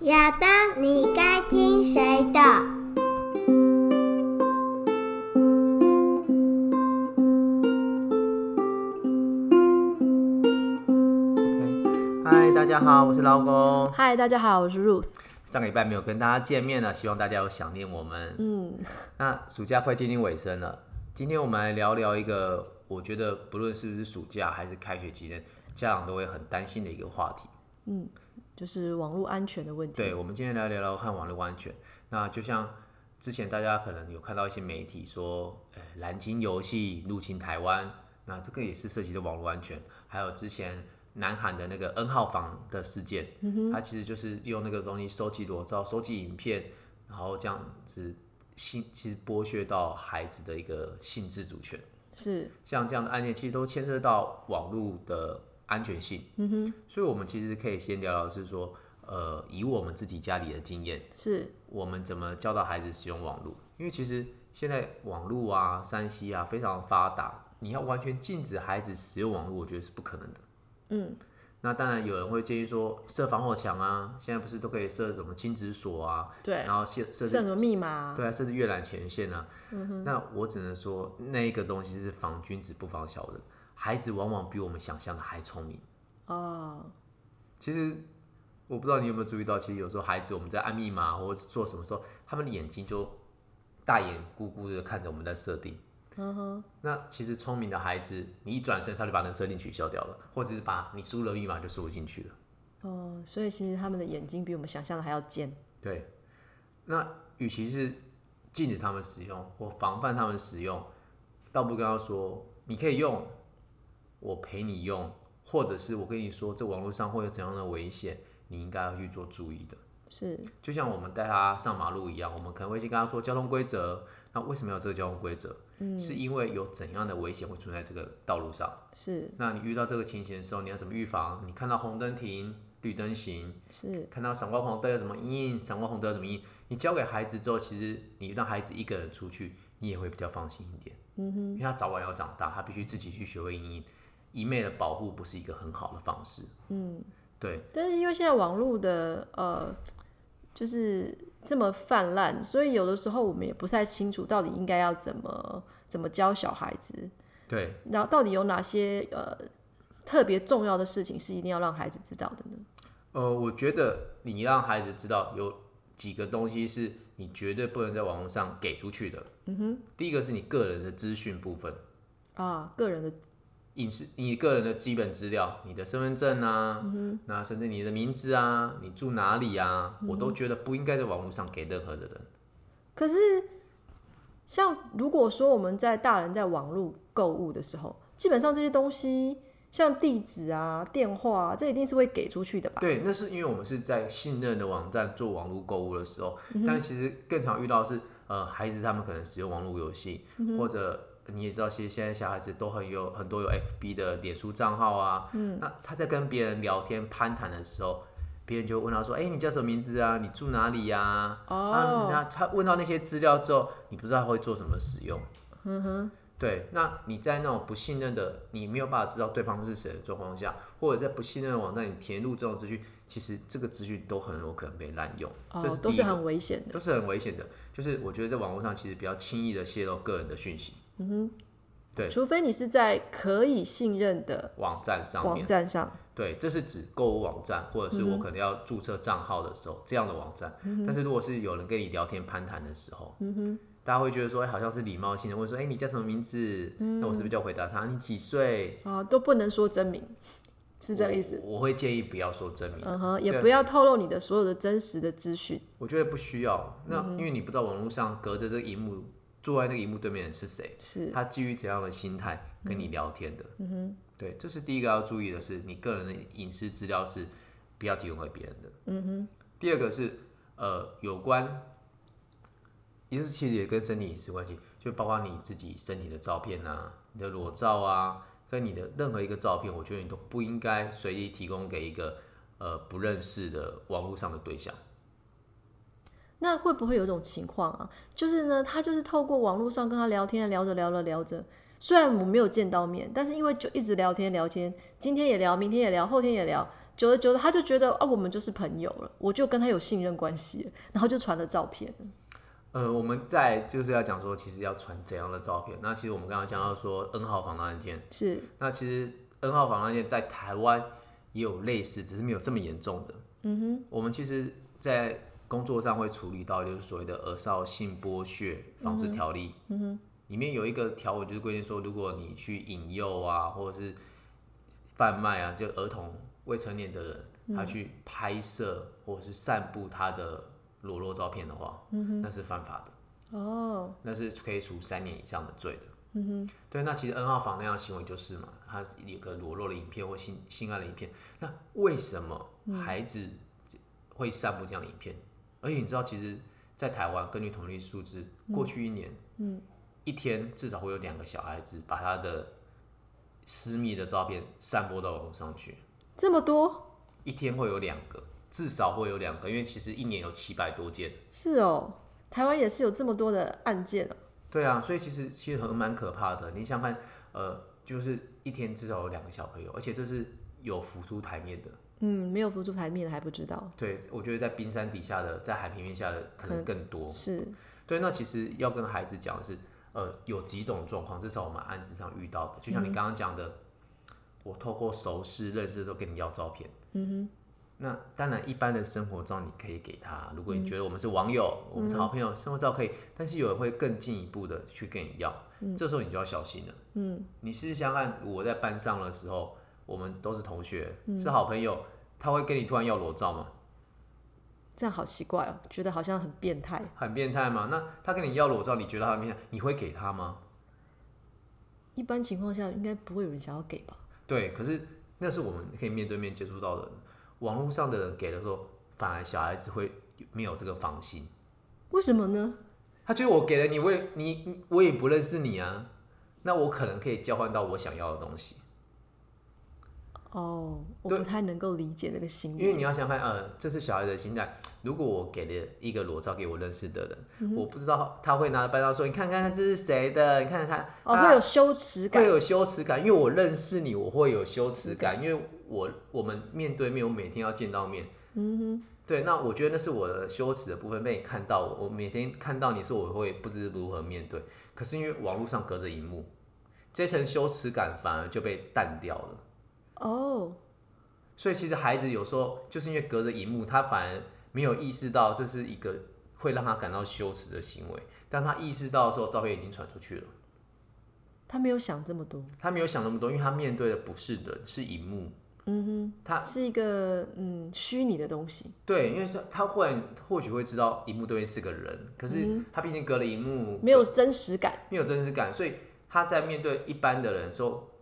亞當你該聽誰的，你該聽誰的？嗨，大家好，我是老狗。嗨，大家好，我是 Ruth。上個禮拜沒有跟大家見面呢，希望大家有想念我們。嗯。那暑假快接近尾聲了，今天我們來聊一聊一個，我覺得不論是不是暑假還是開學期間，家長都會很擔心的一個話題。嗯。就是網絡安全的問題。對，我們今天來聊聊看網絡安全。那就像之前大家可能有看到一些媒體說，呃、欸，藍鯨遊戲入侵台灣，那這個也是涉及到網絡安全。還有之前南韓的那個 N 號房的事件，嗯、哼它其實就是用那個東西收集裸照、收集影片，然後這樣子性其實剝削到孩子的一個性自主權。是。像這樣的案件，其實都牽涉到網絡的。安全性，嗯哼，所以我們其實可以先聊聊，是說，呃，以我們自己家裡的經驗，是，我們怎麼教導孩子使用網絡？因為其實現在網絡啊、3C 啊非常發達，你要完全禁止孩子使用網絡，我覺得是不可能的。嗯，那當然有人會建議說，設防火牆啊，現在不是都可以設什麼親子鎖啊？對，然後設設個密碼？對，設置閱覽權限啊。嗯哼，那我只能說，那一個東西是防君子不防小人。孩子往往比我們想象的還聰明哦。Oh. 其實我不知道你有沒有注意到，其實有時候孩子我們在按密碼或做什麼時候，他們的眼睛就大眼咕咕的看着我們在設定。Uh huh. 那其實聰明的孩子，你一轉身他就把那個設定取消掉了，或者是把你輸了密碼就輸進去了。哦，oh. 所以其實他們的眼睛比我們想象的還要尖。對。那與其是禁止他們使用或防範他們使用，倒不跟他說你可以用。我陪你用，或者是我跟你說，這網絡上會有怎樣的危險，你應該要去做注意的。是，就像我們帶他上馬路一樣，我們可能會去跟他說交通規則。那為什麼要有這個交通規則？嗯，是因為有怎樣的危險會存在這個道路上？是。那你遇到這個情形的時候，你要怎麼預防？你看到紅燈停，綠燈行。是。看到閃光紅燈要怎麼因應，閃光紅燈要怎麼因應。你教給孩子之後，其實你讓孩子一個人出去，你也會比較放心一點。嗯哼。因為他早晚要長大，他必須自己去學會因應。一味的保護不是一個很好的方式。嗯，對。但是因為現在網絡的呃，就是這麼氾濫，所以有的時候我們也不太清楚到底應該要怎麼怎麼教小孩子。對。然後到底有哪些呃特別重要的事情是一定要讓孩子知道的呢？呃，我覺得你讓孩子知道有幾個東西是你絕對不能在網絡上給出去的。嗯哼。第一個是你個人的資訊部分。啊，個人的。隱私，你個人的基本資料，你的身份證啊，那、嗯哼啊、甚至你的名字啊，你住哪裡啊，嗯、哼我都覺得不應該在網絡上給任何的人。可是，像如果說我們在大人在網絡購物的時候，基本上這些東西，像地址啊、電話啊，這一定是會給出去的吧？對，那是因為我們是在信任的網站做網絡購物的時候，嗯、哼但其實更常遇到的是，呃，孩子他們可能使用網絡遊戲或者。你也知道，其實現在小孩子都很有很多有 FB 的臉書賬號啊。嗯。那他在跟別人聊天攀談的時候，別人就問他說：“哎、欸，你叫什麼名字啊？你住哪裡呀、啊？”哦。那、啊、他問到那些資料之後，你不知道他會做什麼使用。嗯哼。對，那你在那種不信任的，你沒有辦法知道對方是誰的狀況下，或者在不信任的網站，你填入這種資訊，其實這個資訊都很有可能被濫用。哦。這是第一，都是很危險的，都是很危險的。就是我覺得在網絡上，其實比較輕易的洩露個人的訊息。嗯哼，對，除非你是在可以信任的網站上，網站上，對，這是指購物網站或者是我可能要註冊賬號的時候這樣的網站。但是如果是有人跟你聊天攀談的時候，嗯哼，大家會覺得說，哎，好像是禮貌性的，或者說，哎，你叫什麼名字？那我是不是就要回答他，你幾歲？啊，都不能說真名，是這個意思。我會建議不要說真名，嗯哼，也不要透露你的所有的真實的資訊。我覺得不需要，那因為你不知道網絡上隔着這個屏幕，坐在那個熒幕對面的是誰？是他基於怎樣的心態跟你聊天的？嗯，嗯哼，對，這是第一個要注意的是，是你個人的隱私資料是不要提供給別人的。嗯哼，第二個是呃，有關隱私其實也跟身體隱私關係，就包括你自己身體的照片啊、你的裸照啊，跟你的任何一個照片，我覺得你都不應該隨意提供給一個呃不認識的網絡上的對象。那會不會有種情況啊？就是呢，他就是透過網絡上跟他聊天，聊着聊着聊着，雖然我沒有見到面，但是因為就一直聊天聊天，今天也聊，明天也聊，後天也聊，久了久了他就覺得啊，我們就是朋友了，我就跟他有信任關係，然後就傳了照片了。呃，我們在就是要講說，其實要傳怎樣的照片？那其實我們剛剛講到說，N 號房的案件是，那其實 N 號房案件在台灣也有類似，只是沒有這麼嚴重的。嗯哼，我們其實，在。工作上會處理到，就是所謂的《兒少性剝削防治條例》嗯。嗯、裡面有一個條文，就是規定說，如果你去引誘啊，或者是販賣啊，就兒童未成年的人，他、嗯、哼去拍攝或者是散布他的裸露照片的話，嗯、哼那是犯法的。哦，那是可以處三年以上的罪的。嗯、哼對，那其實 N 號房那樣的行為就是嘛，他有個裸露的影片或性性愛的影片。那為什麼孩子會散布這樣的影片？嗯而且你知道，其實，在台灣，根據統計數字，嗯、過去一年，嗯，一天至少會有兩個小孩子把他的私密的照片散播到網上去。這麼多？一天會有兩個，至少會有兩個，因為其實一年有七百多件。是哦，台灣也是有這麼多的案件哦。對啊，所以其實其實很蠻可怕的。你想看，呃，就是一天至少有兩個小朋友，而且這是有浮出台面的。嗯，沒有浮出台面的還不知道。對，我覺得在冰山底下的，在海平面下的可能更多。是，對，那其實要跟孩子講的是，呃，有幾種狀況，至少我們案子上遇到的，就像你剛剛講的，嗯、我透過熟識認識都跟你要照片。嗯哼。那當然，一般的生活照你可以給他，如果你覺得我們是網友，我們是好朋友，嗯、生活照可以。但是有人會更進一步的去跟你要，嗯、這時候你就要小心了。嗯。你試試想看，我在班上的時候。我們都是同學，嗯、是好朋友，他會跟你突然要裸照嗎？這樣好奇怪哦，覺得好像很變態。很變態嗎？那他跟你要裸照，你覺得他很變態，你會給他嗎？一般情況下，應該不會有人想要給吧？對，可是那是我們可以面對面接觸到的人，網絡上的人給的時候，反而小孩子會沒有這個防心。為什麼呢？他覺得我給了你，我也你我也不認識你啊，那我可能可以交換到我想要的東西。哦，oh, 對我不太能夠理解那個心，因為你要想看，呃，這是小孩的心態。如果我給了一個裸照給我認識的人，mm hmm. 我不知道他會拿着拍照說：“你看看，這是誰的？” mm hmm. 你看看他，哦，oh, 會有羞恥感，會有羞恥感，因為我認識你，我會有羞恥感，mm hmm. 因為我我們面對面，我每天要見到面，嗯、mm，hmm. 對。那我覺得那是我的羞恥的部分被你看到我，我每天看到你的時候我會不知如何面對。可是因為網絡上隔着熒幕，這層羞恥感反而就被淡掉了。哦，oh. 所以其實孩子有時候就是因為隔着熒幕，他反而沒有意識到這是一個會讓他感到羞恥的行為。當他意識到的時候，照片已經傳出去了。他沒有想這麼多，他沒有想那麼多，因為他面對的不是人，是熒幕。嗯哼，他是一個他嗯虛擬的東西。對，因為說他會或許會知道熒幕對面是個人，可是他畢竟隔了熒幕，嗯，沒有真實感，沒有真實感，所以他在面對一般的人的時候。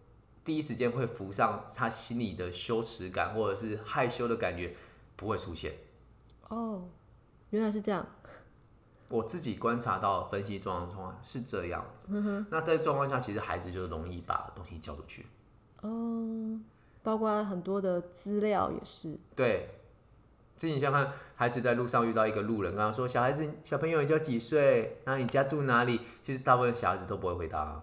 第一時間會浮上他心裡的羞恥感，或者是害羞的感覺，不會出現。哦，原來是這樣。我自己觀察到、分析狀況是這樣子。嗯哼。那在狀況下，其實孩子就容易把東西交出去。哦，包括很多的資料也是。對，就你像看孩子在路上遇到一個路人剛剛，剛剛說小孩子小朋友也就幾歲，那你家住哪裡？其實大部分小孩子都不會回答。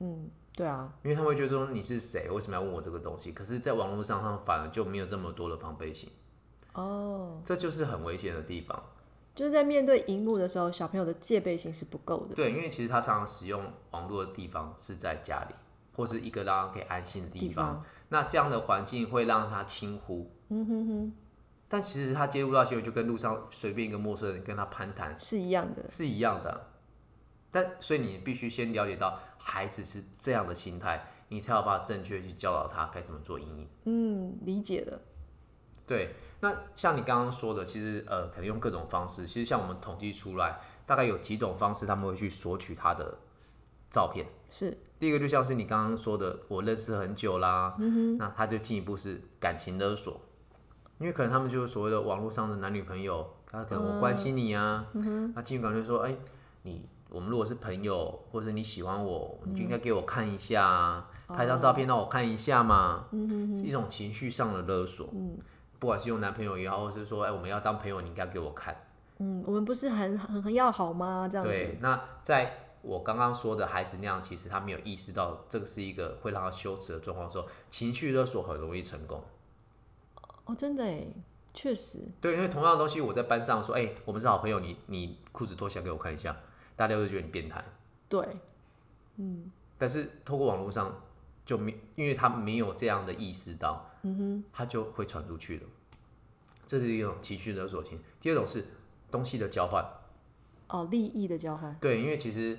嗯。對啊，因為他們會覺得說你是誰，為什麼要問我這個東西？可是，在網絡上，他反而就沒有這麼多的防備心。哦，這就是很危險的地方。就是在面對熒幕的時候，小朋友的戒備心是不夠的。對，因為其實他常常使用網絡的地方是在家裡，或是一個讓他可以安心的地方。地方。那這樣的環境會讓他輕忽，嗯哼哼。但其實他接觸到新聞，就跟路上隨便一個陌生人跟他攀談是一樣的，是一樣的。但所以你必須先了解到孩子是這樣的心態，你才有辦法正確去教導他該怎麼做陰影。嗯，理解了。對，那像你剛剛說的，其實呃，可能用各種方式，其實像我們統計出來，大概有幾種方式他們會去索取他的照片。是，第一個就像是你剛剛說的，我認識很久啦，嗯、哼那他就進一步是感情勒索，因為可能他們就是所謂的網絡上的男女朋友，他可能我關心你啊，那進一步就說，哎、欸，你。我們如果是朋友，或者你喜歡我，你就應該給我看一下，嗯、拍張照片讓我看一下嘛。嗯嗯，是一種情緒上的勒索。嗯，不管是用男朋友也好，或是說，哎、欸，我們要當朋友，你應該給我看。嗯，我們不是很很很要好嗎？這樣子。對，那在我剛剛說的孩子那樣，其實他沒有意識到這個是一個會讓他羞恥的狀況的時候，情緒勒索很容易成功。哦，真的耶，確實。對，因為同樣的東西，我在班上說，哎、嗯欸，我們是好朋友，你你褲子脫下給我看一下。大家都覺得你變態，對，嗯，但是透過網絡上就沒，因為他沒有這樣的意識到，嗯哼，他就會傳出去了。這是一種情緒勒索性。第二種是東西的交換，哦，利益的交換。對，因為其實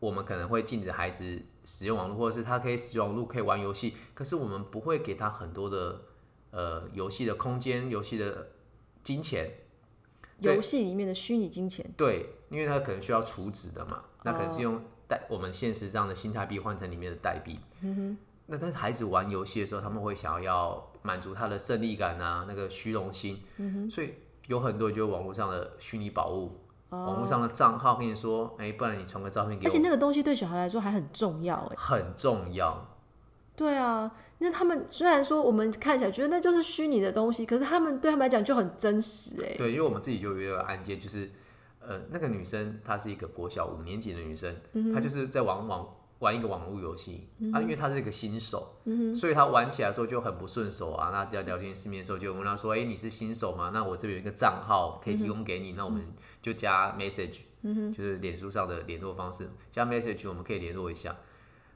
我們可能會禁止孩子使用網絡，或者是他可以使用網絡可以玩遊戲，可是我們不會給他很多的呃遊戲的空間、遊戲的金錢。遊戲對裡面的虛擬金錢，對，因為他可能需要儲值的嘛，那可能是用代我們現實這樣的新台幣換成裡面的代幣。嗯哼，那在孩子玩遊戲的時候，他們會想要滿足他的勝利感啊，那個虛榮心。嗯哼，所以有很多就是網絡上的虛擬寶物，嗯、哼網絡上的賬號跟你說，哎，不然你傳個照片給我。而且那個東西對小孩來說還很重要、欸、很重要。對啊，那他們雖然說我們看起來覺得那就是虛擬的東西，可是他們對他們來講就很真實哎、欸。對，因為我們自己就有一個案件，就是呃，那個女生她是一個國小五年級的女生，嗯、哼她就是在玩網玩，玩一個網絡遊戲，嗯、哼啊，因為她是一個新手，嗯、哼所以她玩起來的時候就很不順手啊。那在聊天室面的時候就問她說，哎、欸，你是新手嗎？那我這邊有一個賬號可以提供給你，嗯、哼那我們就加 message，、嗯、哼就是臉書上的聯絡方式，加 message 我們可以聯絡一下。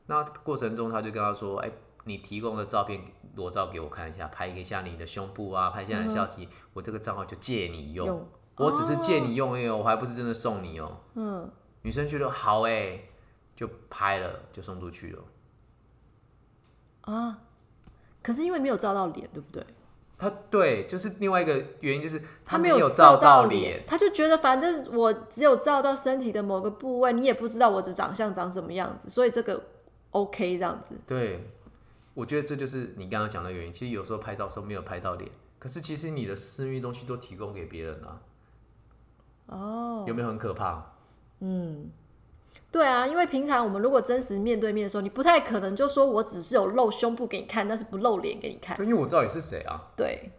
那過程中，他就跟他說：“哎、欸，你提供的照片裸照給我看一下，拍一下你的胸部啊，拍一下你的身體，嗯、我這個賬號就借你用，我、啊哦、只是借你用、哦，因為我還不是真的送你哦。”嗯，女生覺得好哎、欸，就拍了，就送出去了。啊，可是因為沒有照到臉，對不對？他對，就是另外一個原因，就是他沒有照到臉，他沒有照到臉，他就覺得反正我只有照到身體的某個部位，你也不知道我的長相長什麼樣子，所以這個。OK，這樣子。對，我覺得這就是你剛剛講的原因。其實有時候拍照的時候沒有拍到臉，可是其實你的私密東西都提供給別人了啊。哦，oh. 有沒有很可怕？嗯，對啊，因為平常我們如果真實面對面的時候，你不太可能就說我只是有露胸部給你看，但是不露臉給你看。因為我知道你是誰啊。對，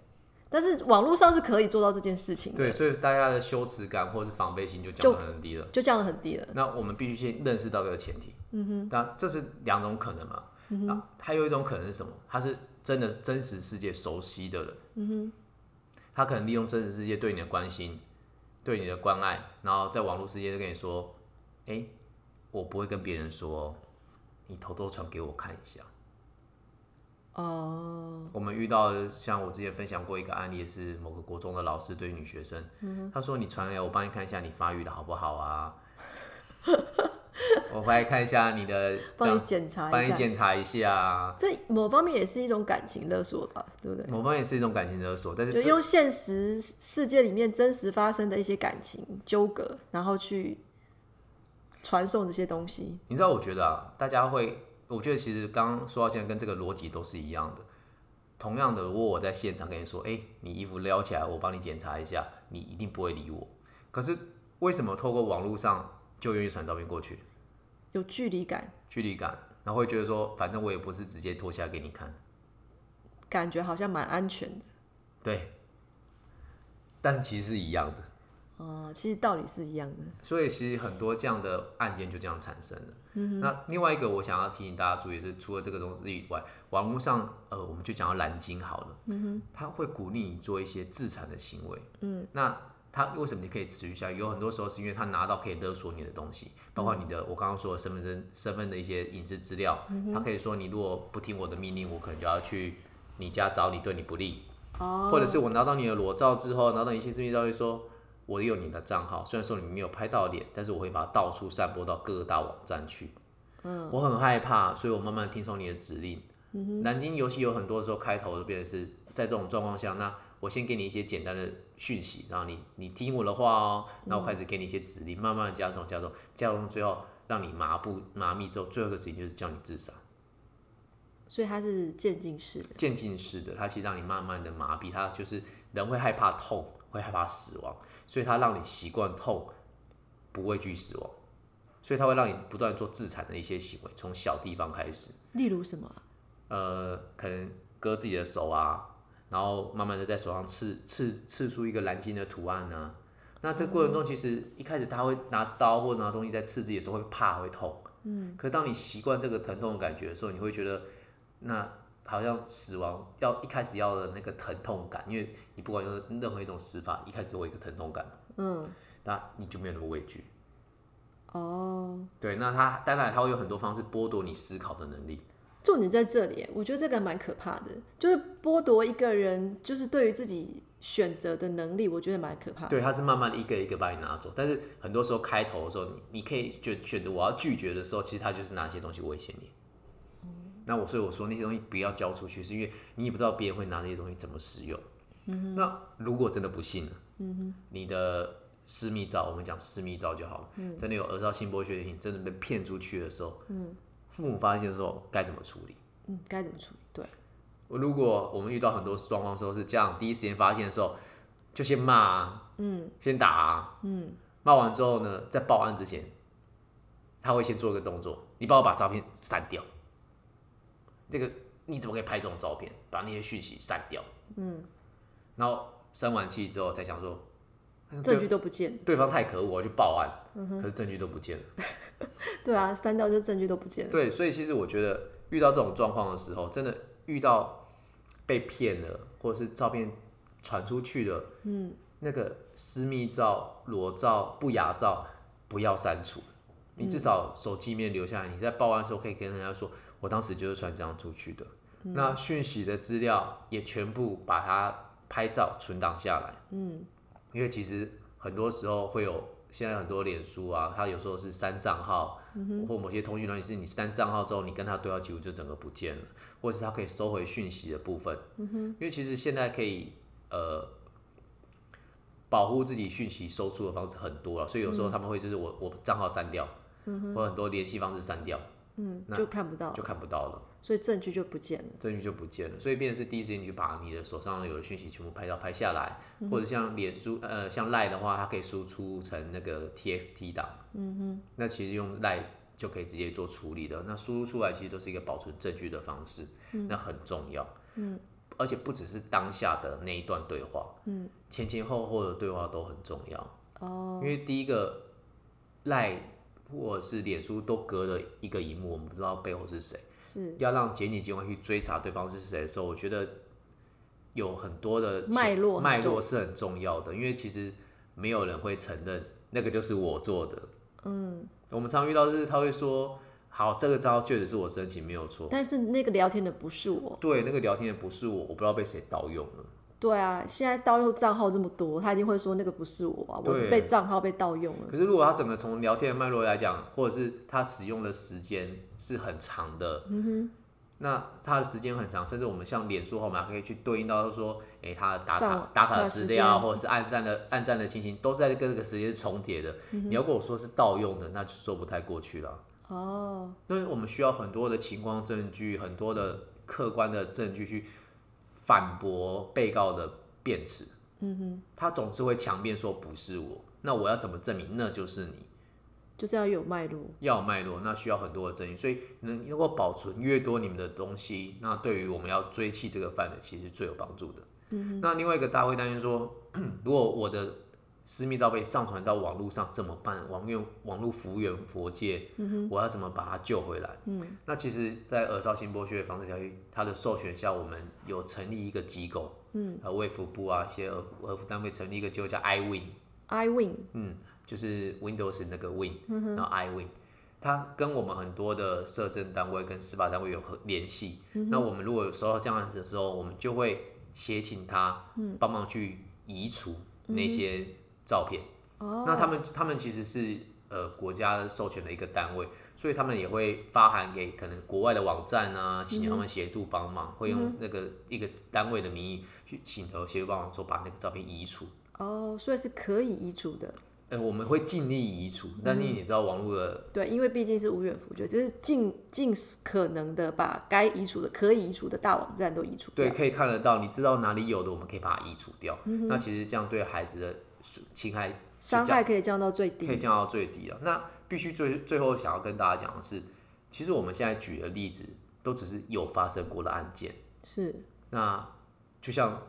但是網絡上是可以做到這件事情的。對，所以大家的羞恥感或者是防備心就降得很低了，就降得很低了。那我們必須先認識到這個前提。嗯哼，那這是兩種可能嘛？啊、嗯哼，還有一種可能是什麼？他是真的真實世界熟悉的人，嗯哼，他可能利用真實世界對你的關心、對你的關愛，然後在網絡世界就跟你說：“哎，我不會跟別人說，你偷偷傳給我看一下。”哦，我們遇到像我之前分享過一個案例，是某個國中的老師對女學生，嗯哼他說：“你傳給我，幫你看一下你發育的好不好啊。” 我回來看一下你的，幫你檢查，幫你檢查一下。一下這某方面也是一種感情勒索吧，對不對？某方面也是一種感情勒索，但是就是用現實世界裡面真實發生的一些感情糾葛，然後去傳送這些東西。你知道，我覺得啊，大家會，我覺得其實剛剛說到現在，跟這個邏輯都是一樣的。同樣的，如果我在現場跟你說，哎，你衣服撩起來，我幫你檢查一下，你一定不會理我。可是為什麼透過網絡上？就願意傳照片過去，有距離感，距離感，然後會覺得說，反正我也不是直接脫下來給你看，感覺好像蠻安全的，對，但其實是一樣的，哦，其實道理是一樣的，所以其實很多這樣的案件就這樣產生了。嗯對，那另外一個我想要提醒大家注意的是，除了這個東西以外，網絡上呃，我們就講到藍鯨好了，嗯哼，他會鼓勵你做一些自殘的行為，嗯，那。他為什麼你可以持續下去？有很多時候是因為他拿到可以勒索你的東西，嗯、包括你的我剛剛說的身份證、身份的一些隱私資料。他、嗯、哼可以說你如果不聽我的命令，我可能就要去你家找你，對你不利。哦、或者是我拿到你的裸照之後，拿到一些私密照片，說我有你的賬號，雖然說你沒有拍到臉，但是我會把它到處散播到各大網站去。嗯、我很害怕，所以我慢慢聽從你的指令。嗯、哼藍鯨遊戲有很多時候開頭就變成是在這種狀況下，那我先給你一些簡單的。訊息，然後你你聽我的話哦，然後開始給你一些指令。嗯、慢慢的加重加重加重，加重加重最後讓你麻木麻痹之後，最後一個指令就是叫你自殺。所以它是漸進式的，漸進式的，它其實讓你慢慢的麻痹，它就是人會害怕痛，會害怕死亡，所以它讓你習慣痛，不畏懼死亡，所以它會讓你不斷做自殘的一些行為，從小地方開始，例如什麼？呃，可能割自己的手啊。然後慢慢的在手上刺刺刺，出一個藍鯨的圖案呢、啊，那這個過程中其實一開始他會拿刀或拿東西在刺自己的時候會怕會痛，嗯，可是當你習慣這個疼痛的感覺的時候，你會覺得那好像死亡要一開始要的那個疼痛感，因為你不管用任何一種死法，一開始會有一個疼痛感，嗯，那你就沒有那麼畏懼。哦，對，那他當然他會有很多方式剝奪你思考的能力。重點在這裡，我覺得這個蠻可怕的，就是剝奪一個人就是對於自己選擇的能力，我覺得蠻可怕的。對，他是慢慢一個一個把你拿走，但是很多時候開頭的時候，你你可以就選擇我要拒絕的時候，其實他就是拿些東西威脅你。嗯。那我所以我說那些東西不要交出去，是因為你也不知道別人會拿那些東西怎麼使用。嗯哼那如果真的不信了，嗯哼你的私密照，我們講私密照就好了。嗯。在那種兒少性剝削真的被騙出去的時候，嗯。父母發現的時候該怎麼處理？嗯，該怎麼處理？對，如果我們遇到很多狀況的時候是這樣，第一時間發現的時候就先罵啊，嗯，先打啊，嗯，罵完之後呢，在報案之前，他會先做一個動作，你幫我把照片刪掉，這個你怎麼可以拍這種照片？把那些訊息刪掉，嗯，然後生完氣之後再想說。證據都不見，對方太可惡，就報案。嗯、哼可是證據都不見了， 對啊，刪掉就證據都不見了。對，所以其實我覺得遇到這種狀況的時候，真的遇到被騙了，或者是照片傳出去了，嗯，那個私密照、裸照、不雅照，不要刪除，你至少手機裡面留下來。嗯、你在報案的時候可以跟人家說，我當時就是傳這樣出去的。嗯、那訊息的資料也全部把它拍照存檔下來，嗯。因為其實很多時候會有，現在很多臉書啊，它有時候是刪賬號，嗯、哼或某些通訊軟件，是你刪賬號之後，你跟他對話記錄就整個不見了，或是它可以收回訊息的部分。嗯哼，因為其實現在可以呃保護自己訊息收出的方式很多了，所以有時候他們會就是我，嗯，我賬號刪掉，嗯、哼或者很多聯繫方式刪掉，嗯，就看不到，就看不到了。所以證據就不見了，證據就不見了，所以變成是第一時間你就把你的手上有的訊息全部拍照拍下來，嗯、哼或者像臉書，呃，像賴的話，它可以輸出成那個 TXT 檔，嗯哼，那其實用賴就可以直接做處理的，那輸出出來其實都是一個保存證據的方式，嗯、那很重要，嗯，而且不只是當下的那一段對話，嗯，前前後後的對話都很重要，哦，因為第一個賴。或者是臉書都隔了一個熒幕我們不知道背後是誰。是要讓檢警機關去追查對方是誰的時候，我覺得有很多的脈絡脈絡是很重要的，絡因為其實沒有人會承認那個就是我做的。嗯，我們常遇到就是他會說：“好，這個招確實是我申請，沒有錯。”但是那個聊天的不是我，對，那個聊天的不是我，我不知道被誰盜用了。對啊，現在盜用賬號這麼多，他一定會說那個不是我、啊，我是被賬號被盜用了。可是如果他整個從聊天的脈絡來講，或者是他使用的時間是很長的，嗯哼，那他的時間很長，甚至我們像臉書號碼還可以去對應到，他說，誒、哎，他打卡上打卡的資料、嗯、哼或者是按贊的按讚的情形，都是在跟這個時間重疊的。嗯、哼你要跟我說是盜用的，那就說不太過去了。哦，那我們需要很多的情況證據，很多的客觀的證據去，反駁被告的辯詞，嗯哼，他總是會強辯說，不是我，那我要怎麼證明那就是你？就是要有脈絡，要有脈絡，那需要很多的證據，所以能如果保存越多你們的東西，那對於我們要追緝這個犯人，其實是最有幫助的。嗯哼，那另外一個大家會擔心說，如果我的。私密照被上傳到網絡上怎麼辦？網絡網絡無遠弗屆，嗯、哼我要怎麼把它救回來？嗯，那其實，在兒少性剝削防制條例它的授權下，我們有成立一個機構，嗯，呃，衛福部啊，一些呃，衛福單位成立一個機構叫 iwin，iwin，嗯，就是 Windows 那個 Win，嗯、哼然後 iwin，它跟我們很多的社政單位跟司法單位有聯繫。嗯、哼那我們如果有收到這樣子的時候，我們就會協請他幫忙去移除那些、嗯。照片，oh. 那他們他們其實是呃國家授權的一個單位，所以他們也會發函給可能國外的網站啊，請他們協助幫忙，mm hmm. 會用那個一個單位的名義去請求協助幫忙，說把那個照片移除。哦，oh, 所以是可以移除的。哎、欸，我們會盡力移除。但是你你知道網絡的、mm hmm. 對，因為畢竟是無遠弗屆，就是盡盡可能的把該移除的、可以移除的大網站都移除。對，可以看得到，你知道哪裡有的，我們可以把它移除掉。Mm hmm. 那其實這樣對孩子的。侵害傷害可以降到最低，可以降到最低了。那必須最最後想要跟大家講的是，其實我們現在舉的例子都只是有發生過的案件。是。那就像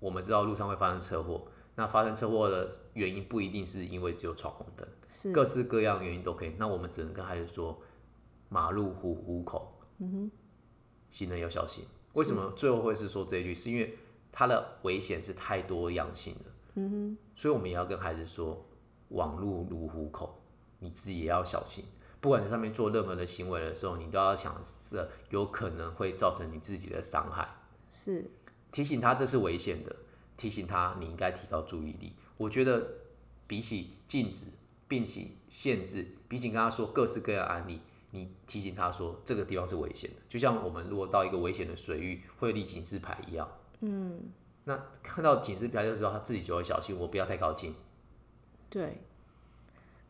我們知道路上會發生車禍，那發生車禍的原因不一定是因為只有闖紅燈，是各式各樣的原因都可以。那我們只能跟孩子說，馬路虎虎口，嗯哼，行人要小心。為什麼最後會是說這一句？是，是因為它的危險是太多樣性的。嗯哼，所以我們也要跟孩子說，網路如虎口，你自己也要小心。不管在上面做任何的行為的時候，你都要想着有可能會造成你自己的傷害。是，提醒他這是危險的，提醒他你應該提高注意力。我覺得比起禁止，並且限制，比起跟他說各式各樣的案例，你提醒他說這個地方是危險的，就像我們如果到一個危險的水域會立警示牌一樣。嗯。那看到警示牌的時候，他自己就會小心，我不要太靠近，對，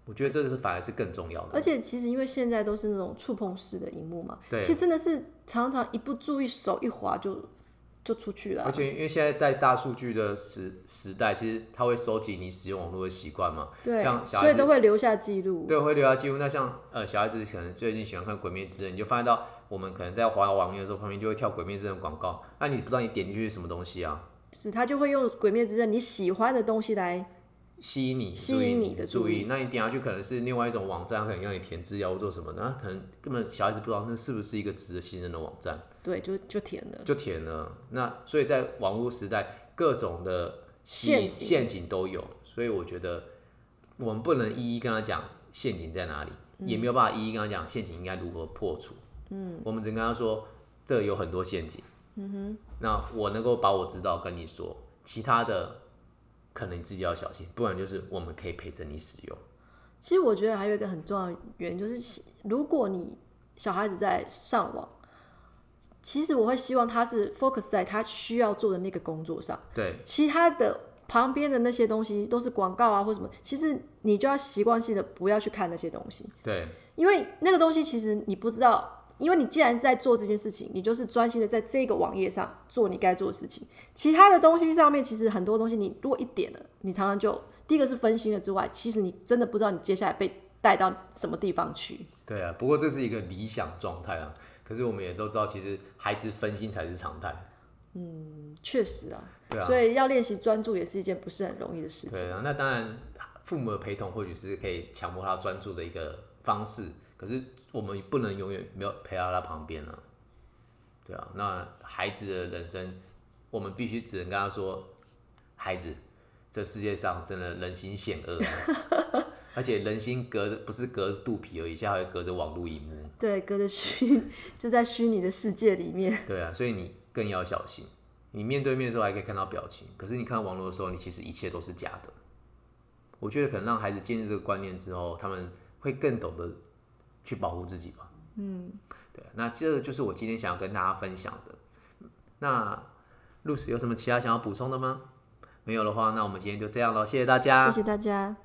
我覺得這個是反而是更重要的。而且其實因為現在都是那種觸碰式的熒幕嘛，對，其實真的是常常一不注意手一滑就就出去了。而且因為現在在大數據的時時代，其實他會收集你使用網絡的習慣嘛，對，像小孩子所以都會留下記錄，對，會留下記錄。那像呃小孩子可能最近喜歡看《鬼滅之刃》，你就發現到我們可能在滑網頁的時候旁邊就會跳《鬼滅之刃》廣告，那你不知道你點進去是什麼東西啊？是，他就會用《鬼滅之刃》你喜歡的東西來吸引你，吸引你的注意。你注意，那你點下去可能是另外一種網站，可能讓你填資料或做什麼的呢？可能根本小孩子不知道那是不是一個值得信任的網站。對，就就填了，就填了。填了。那所以在網絡時代，各種的陷阱陷阱都有。所以我覺得我們不能一一跟他講陷阱在哪裡，嗯，也沒有辦法一一跟他講陷阱應該如何破除。嗯，我們只跟他說，這有很多陷阱。嗯哼，那我能夠把我知道跟你說，其他的可能你自己要小心，不然就是我們可以陪着你使用。其實我覺得還有一個很重要的原因就是，如果你小孩子在上網，其實我會希望他是 focus 在他需要做的那個工作上。對，其他的旁邊的那些東西都是廣告啊或什麼，其實你就要習慣性的不要去看那些東西。對，因為那個東西其實你不知道。因為你既然在做這件事情，你就是專心的在這個網頁上做你該做的事情。其他的東西上面，其實很多東西你如果一點了，你常常就第一個是分心了之外，其實你真的不知道你接下來被帶到什麼地方去。對啊，不過這是一個理想狀態啊。可是我們也都知道，其實孩子分心才是常態。嗯，確實啊。對啊。所以要練習專注也是一件不是很容易的事情。對啊，那當然，父母的陪同或許是可以強迫他專注的一個方式。可是我們不能永遠沒有陪在他旁邊啊，對啊，那孩子的人生，我們必須只能跟他說，孩子，這世界上真的人心險惡啊， 而且人心隔不是隔肚皮而已，還會隔着網絡一幕，對，隔着虛，就在虛擬的世界裡面，對啊，所以你更要小心。你面對面的時候還可以看到表情，可是你看到網絡的時候，你其實一切都是假的。我覺得可能讓孩子建立這個觀念之後，他們會更懂得去保護自己吧。嗯，對，那這就是我今天想要跟大家分享的。那露絲有什麼其他想要補充的嗎？沒有的話，那我們今天就這樣囉，謝謝大家，謝謝大家。